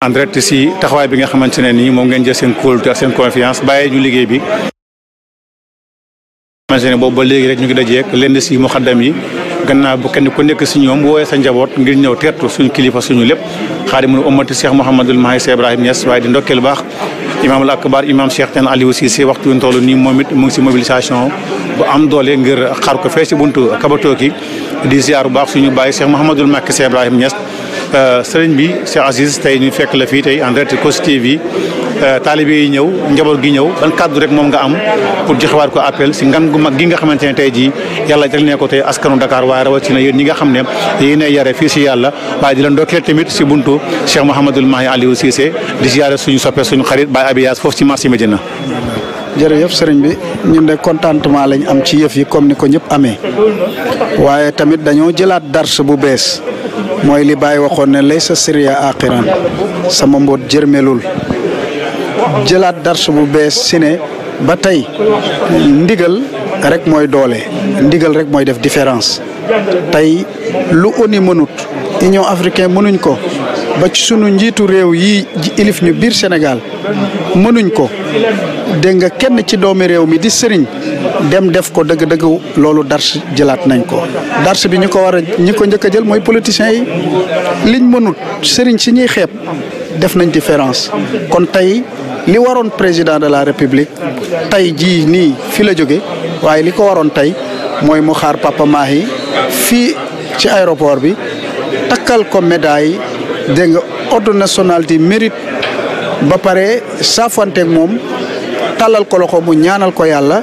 en si taxawaay bi nga xamante ne nii moom ngeen jël seen kóolute seen confiance bàyyi ñu liggéey bi. boobu ba léegi rek ñu ngi dajeeg lenn si muxaddam yi gannaaw bu kenn ku nekk si ñoom woowee sa njaboot ngir ñëw teertu suñu kilifa suñu lépp xaadimul ummati Cheikh Mouhamadul Mahi Cheikh Ibrahim Niass waaye di ndokkeel baax. imaam al akbar imaam Cheikh Tidiane Aliou Cissé waxtu wi toll nii moom it mu ngi si mobilisation bu am doole ngir xaar ko fee si buntu Kabatoki di ziar bu baax suñu bàyyi Cheikh Mouhamadul Makki Cheikh Ibrahim Niass Euh, sëriñ bi Cheikh Aziz tey ñu fekk la fii tey en direct Kossy TV euh, taalibe yi ñëw njaboot gi ñëw ban kàddu rek moom nga am pour joxewaat ko appel si ngan gu mag gi nga xamante ne tey jii yàlla jël ne ko tey askanu Dakar waaye rawatina yéen ñi nga xam ne yéen a yare fii si yàlla waaye di leen ndokkeel tamit si buntu Cheikh Mouhamadul Mahi Aliou Cissé di ziare suñu soppe suñu xarit Baye Abiyas foofu si marché Médina jërëjëf sëriñ bi ñu de contentement lañ am ci yëf yi comme ni ko ñëpp amee waaye tamit dañoo jëlaat dars bu bees mooy li Baye waxoon ne lay sa siriya aqiran sama mboot jërmelul jëlaat darsu bu bees si ne ba tey ndigal rek mooy doole ndigal rek mooy def différence tey lu ONU mënut Union africaine mënuñ ko ba ci sunu njiitu réew yi ilif ñu biir Sénégal mënuñ ko dégg nga kenn ci doomi réew mi di sëriñ dem def ko dëgg-dëgg loolu dars jëlaat nañ ko dars bi ñi ko war a ñi ko njëkk a jël mooy politiciens yi liñ mënut sëriñ si ñuy xeeb def nañ différence kon tey li waroon président de la république tey jii nii fi la jóge waaye li ko waroon tey mooy mu xaar Papa Mahi fii ci aéroport bi takkal ko médaille dégg nga ordre national du mérite ba pare saafanteeg moom tàllal ko loxo mu ñaanal ko yàlla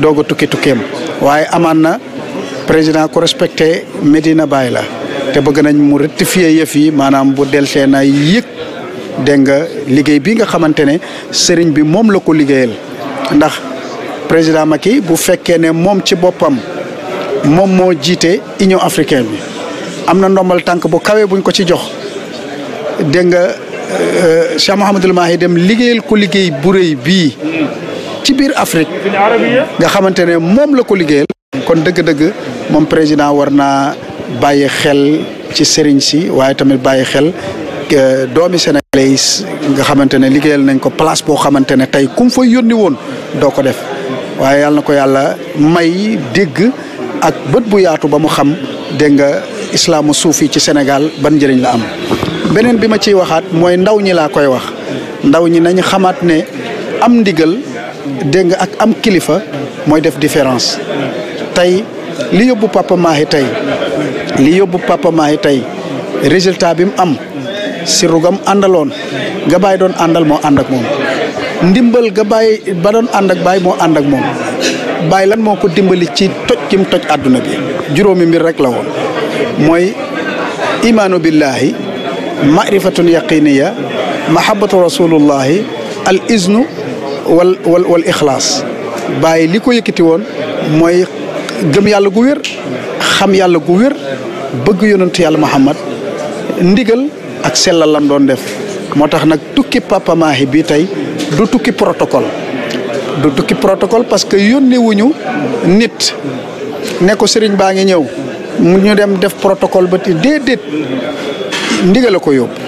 doog a tukki tukkeem waaye amaan na président ku respecté Medina Baye la te bëgg nañ mu rectifier yëf yi maanaam bu delsee na yëg dégg nga liggéey bi nga xamante ne sëriñ bi moom la ko liggéeyal ndax président Macky bu fekkee ne moom ci boppam moom moo jiite Union africaine bi am na ndombal tànk bu kawee buñ ko ci jox dégg nga euh, Cheikh Mouhamadul Mahi dem liggéeyal ko liggéey bu rëy bii ci biir Afrique nga xamante mom moom la ko liggéeyal kon dëgg-dëgg moom président war naa bàyyi xel ci sëriñ si waaye tamit bàyyi xel euh, doomi Sénégalais nga nañ ko place boo xamante ne kum fa yónni woon doo ko def waaye yàlla na ko may ak bët bu yaatu ba mu xam dégg nga islaamu suufi ci Sénégal ban njëriñ la am beneen bi ma ndaw ñi koy wax ndaw ñi nañ ne am ndigal dégg nga ak am kilifa mooy def différence tey li yóbbu Papa Mahi tey li yóbbu Papa Mahi tey résultat bi mu am si rugam àndaloon nga bàyyi doon àndal moo ànd ak moom ndimbal ga bàyyi ba doon ànd ak baay moo ànd ak moom baay lan moo ko dimbali ci toj gi toj àdduna bi juróomi mbir rek la woon mooy imaanu billahi ma'rifatun yaqiniya mahabbatu rasulullahi al iznu wal wal wal ixlaas bàyyi li ko yëkkati woon mooy gëm yàlla gu wér xam yàlla gu wér bëgg yonent yàlla Muhammad ndigal ak sellal lam doon def moo tax nag tukki Papa Mahi tey du tukki protocole du tukki protocole parce que yónni wuñu nit ne ko sëriñ baa ngi ñëw mu ñu dem def protocole ba ti déedéet ndigal a ko yóbbu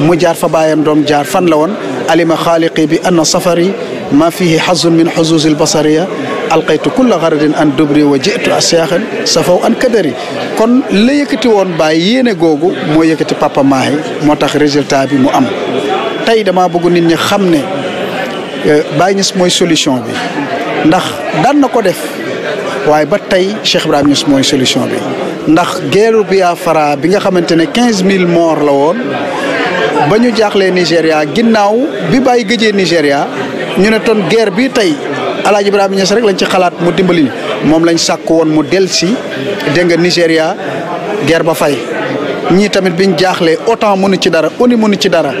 مو جار فبايم دوم جار فن لون علم خالقي بأن سفري ما فيه حظ من حظوظ البصرية ألقيت كل غرض أن دبري وجئت أسياخا سفو أن كدري كون لي يكتي وون باي يين غوغو مو يكتي بابا ماهي موتاخ ريزلتا بي مو أم تاي دما بوغو نين ني خامني باي نيس موي سوليوشن بي ndax دان nako def way ba tay cheikh ibrahim nous moy solution bi ndax guerre biafara bi nga xamantene 15000 مور la won bañu jaxlé Nigeria, ginnaw bi Nigeria, gëjee Nigeria ñu ne ton guerre bi tay Alaaji Ibrahim Niass rek lañ ci xalaat mu dimbali mom lañ sakku won mu delsi si dégg nga gerba guerre ba fay ñi tamit biñ jaxlé autant mënu ci dara oni mënu ci dara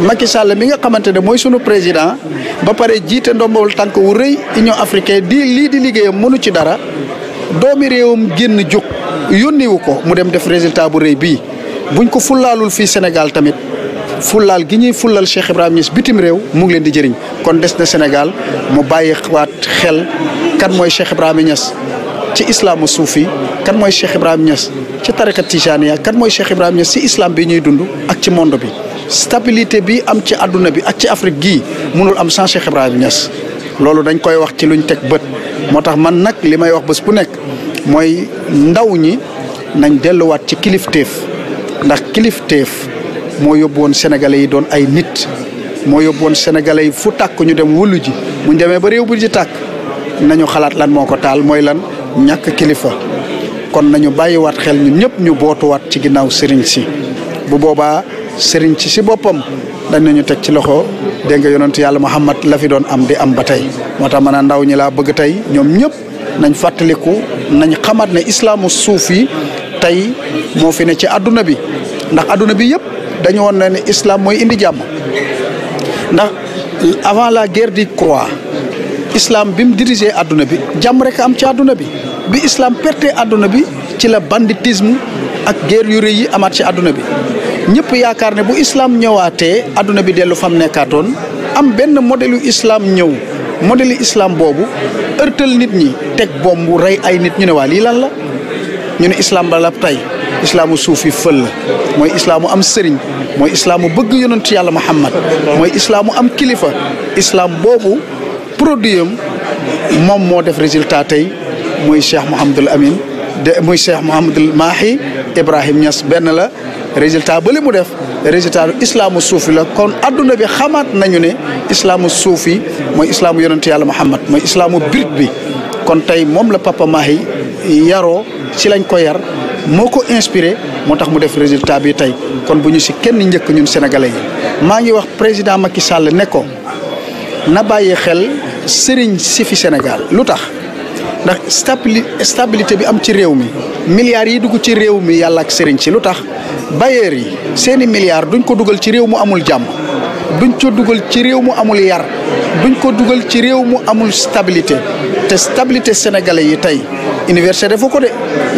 Macky Sall mi nga xamantene moy sunu président ba paré jité ndombol tank wu reuy Union africaine di li di liggéeyam mënu ci dara domi rewum genn juk yónniwu ko mu dem def résultat bu reuy bi buñ ko fulaalul fi Senegal tamit fulal gi ñuy fulal Cheikh Ibrahima Niass bitim réew mu ngi leen di jëriñ kon des na Sénégal mu bàyyi waat xel kan mooy Cheikh Ibrahima ci islamu suufi kan mooy Cheikh Ibrahim Niass ci tariqa tijaniya kan mooy Cheikh Ibrahim Niass ci islam bi ñuy dund ak ci monde bi stabilité bi am ci aduna bi ak ci Afrique gi mënul am sans Cheikh Ibrahima Niass loolu dañ koy wax ci luñ motax man nak limay wax bës bu nek moy ndaw ñi nañ delluwaat ci kilifteef ndax kilifteef moo yóbbu woon sénégalais yi doon ay nit moo yóbbu woon sénégalais yi fu tàkk ñu dem wëllu ji mu demee ba réew bu ji tàkk nañu xalaat lan moo ko taal mooy lan ñàkk kilifa kon nañu bàyyiwaat xel ñu ñëpp ñu bootuwaat ci ginnaaw sëriñ si bu boobaa sëriñ si si boppam dañ nañu teg ci loxo dégg nga yonent yàlla Muhammad la fi doon am di am ba tey moo tax ma ne ndaw ñi laa bëgg tey ñoom ñëpp nañ fàttaliku nañ xamaat ne islaamu suuf yi tey moo fi ne ci àdduna bi ndax àdduna bi yëpp dañu woon ne islaam mooy indi jàmm ndax avant la guerre du croix islam bi mu dirigé adduna bi jàmm rek am ci àdduna bi bi islam perte àdduna bi ci la banditisme ak ger yu rëy yi amaat ci àdduna bi ñëpp yaakaar ne bu islaam ñëwaatee àdduna bi dellu fam nekkaatoon am benn modèle islaam islam ñëw modèle islam boobu ërtal nit ñi teg bombu rey ay nit ñu ne waa lii lan la ñu ne islam balab tey islaamu suufi fël la mooy islaamu am sëriñ mooy islaamu bëgg yonent yàlla muhammad mooy islaamu am kilifa islaam boobu produit moom moo def résultat tey muy cheikh Mouhamadul Amin de muy cheikh Mouhamadul Mahi Ibrahim Niass benn la résultat ba li mu def résultat lu islaamu suufi la kon adduna bi xamaat nañu ne islaamu suufi mooy islaamu yonent yàlla muhammad mooy islaamu birit bi kon tey moom la papa Mahi yaroo. ci lañ ko yar moo ko inspiré moo tax mu def résultat bi tey kon bu ñu si kenn njëkk ñun sénégalais yi maa ngi wax président Macky Sall ne ko na bàyyi xel sëriñ si fi Sénégal lu tax ndax stabilité bi am ci réew mi milliards yi dugg ci réew mi yàlla ak sëriñ ci lu tax bailleurs yi seeni milliards duñ ko dugal ci réew mu amul jàmm duñ ko dugal ci réew mu amul yar duñ ko dugal ci réew mu amul stabilité te stabilité sénégalais yi tey université dafa ko de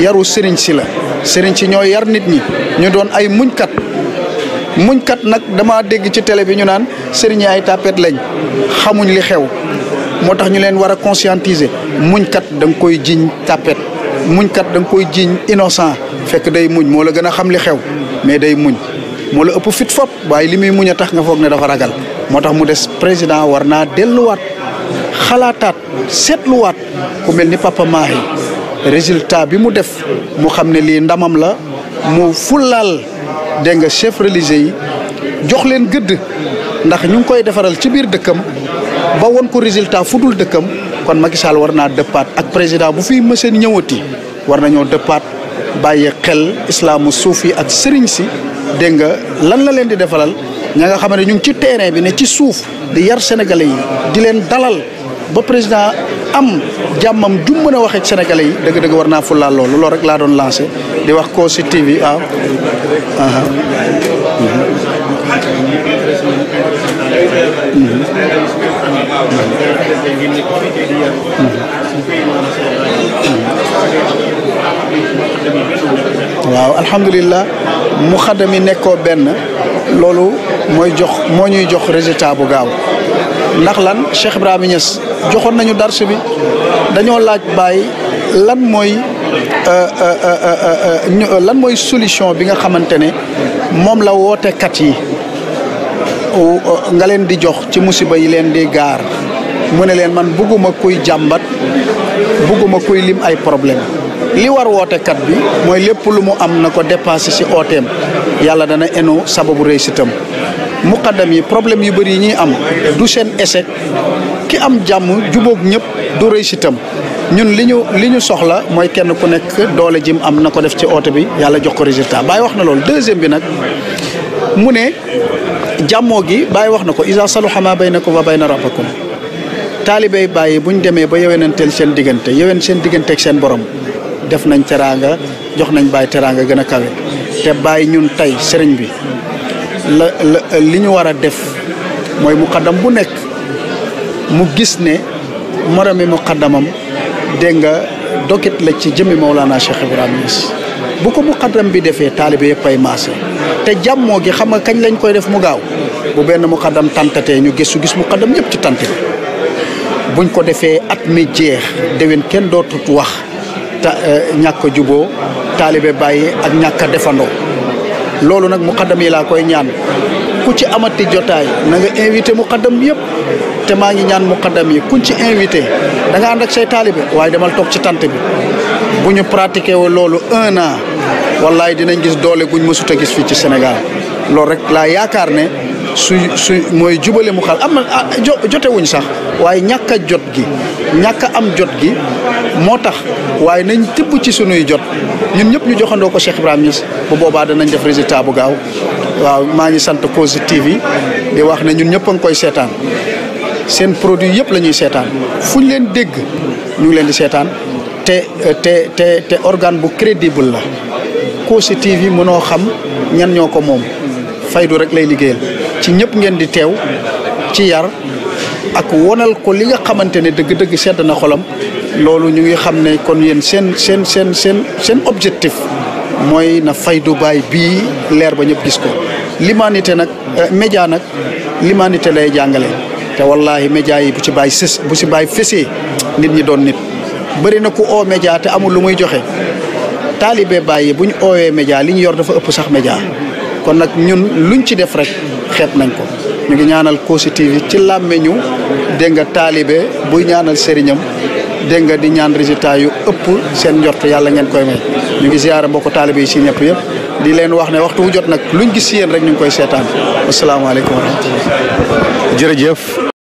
yaru sëriñ si la sëriñ si ñooy yar nit ñi ñu doon ay muñkat muñkat nag dama dégg ci télé bi ñu naan sëriñ yi ay tapet lañ xamuñ li xew moo tax ñu leen war a conscientiser muñkat da koy jiiñ tapet muñkat da nga koy jiñ innocent fekk day muñ moo la gën a xam li xew mais day muñ moo la ëpp fit fop waaye limi muy muñ a tax nga foog ne dafa ragal moo tax mu des président war naa delluwaat xalaataat seetluwaat ku mel papa maahi résultat bi mu def mu xam ne lii ndamam la mu fulaal dégg nga chef religieux yi jox leen gëdd ndax ñu koy defaral ci biir dëkkam ba won ko résultat fu dëkkam kon Macky Sall war naa ak président bu fi mëseen ñëwati war baye xel islam soufi ak serigne si de nga lan la len di defalal ñinga nga ñu ci terrain bi ne ci souf di yar sénégalais yi di len dalal ba président am jamam du mëna a wax ak sénégalais yi deug dëgg war naa fullaal rek la doon lancer di wax ci TV ah. mm Mm-hmm. waaw alhamdulillah mu xadam mi nekkoo benn loolu mooy jox moo ñuy jox résultat bu gaaw ndax lan Cheikh Ibrahima Niass joxoon nañu darsu bi dañoo laaj bàyyi lan mooy euh, euh, euh, lan mooy solution bi nga xamante ne moom la wootekat yi nga leen di jox ci musiba yi leen di gaar mu ne leen man bugguma kuy jàmbat bugguma kuy lim ay problème li war wootekat bi mooy lépp lu mu am na ko dépassé ci ooteem yàlla dana eno sababu réussitam muqaddam yi problème yu bëri yi ñuy am du seen échec ki am jàmm jubóog ñëpp du réussitam ñun li ñu li ñu soxla mooy kenn ku nekk doole jim am na ko def ci oote bi yàlla jox ko résultat Baye wax na loolu deuxième bi nag mu ne jàmmoo gi Baye wax na ko na ko ma baynakum wa bayna rabbakum bàyyi bu buñ demee ba yewenanteel seen diggante yowen seen digganteeg seen borom def nañ teraanga jox nañ Baye teraanga gën a kawe te Baye ñun tey sëriñ bi la la li ñu war a def mooy muqaddam bu nekk mu gis ne moromi muqaddamam dégg nga dokit la ci jëmmi Maulana Cheikh Ibrahima Niass bu ko muqaddam bi defee taalibe yëpp ay maase te jàmmoo gi xam nga kañ lañ koy def mu gaaw bu benn muqaddam tantatee ñu gëstu gis muqaddam yëpp ci tant buñ ko defee at mi jeex déwén kenn dootut wax ta eh, ñàkk a juboo taalibe bàyyi ak ñàkk defandoo loolu nag muqaddam yi laa koy ñaan ku ci amati jotaay na nga invité muqaddam yëpp te maa ngi ñaan muqaddam yi kuñ ci invité da nga ànd ak say taalibe waaye demal toog ci tant bi bu ñu pratiqué woo loolu un an wallaay dinañ gis doole guñ mësut a gis fii ci Sénégal loolu rek laa yaakaar ne su su mooy jubale mu xal am na ah, jote wuñ sax waaye ñàkk jot gi ñàkk am jot gi moo tax waaye nañ tëbb ci sunuy jot ñun ñëpp ñu joxandoo ko Cheikh Ibrahima Niass bu boobaa danañ def résultat bu gaaw waaw maa ngi sant Kossy TV di wax ne ñun ñëpp koy seetaan seen produit yëpp la ñuy seetaan fu ñu leen dégg ñu ngi leen di seetaan te te te te organe bu crédible la Kossy TV mënoo xam ñan ñoo ko moom faydu rek lay liggéeyal ci ñëpp ngeen di teew ci yar ak wonal ko li nga xamante ne dëgg-dëgg sedd na xolam loolu ñu ngi xam ne kon yéen seen seen seen seen seen objectif mooy na fay du bàyyi bii leer ba ñëpp gis ko l'humanité nag euh, média nag l'humanité lay jàngale te wallahi média yi bu ci bàyyi sës bu ci bàyyi fesee nit ñi doon nit bëri na ku oo média te amul lu muy joxe taalibe bàyyi bu ñu oowee média li ñu yor dafa ëpp sax média kon nag ñun luñ ci def rek xeeb nañ ko ñu ngi ñaanal Kossy TV ci làmmeñu dégg nga taalibe buy ñaanal sëriñam dégg nga di ñaan résultat yu ëpp seen njot yàlla ngeen koy may ñu ngi ziyaara mbokku taalibe yi si ñëpp yëpp di leen wax ne waxtu wu jot nag luñ gis si yéen rek ñu ngi koy seetaan asalaamaaleykum wa rahmatulah. jërëjëf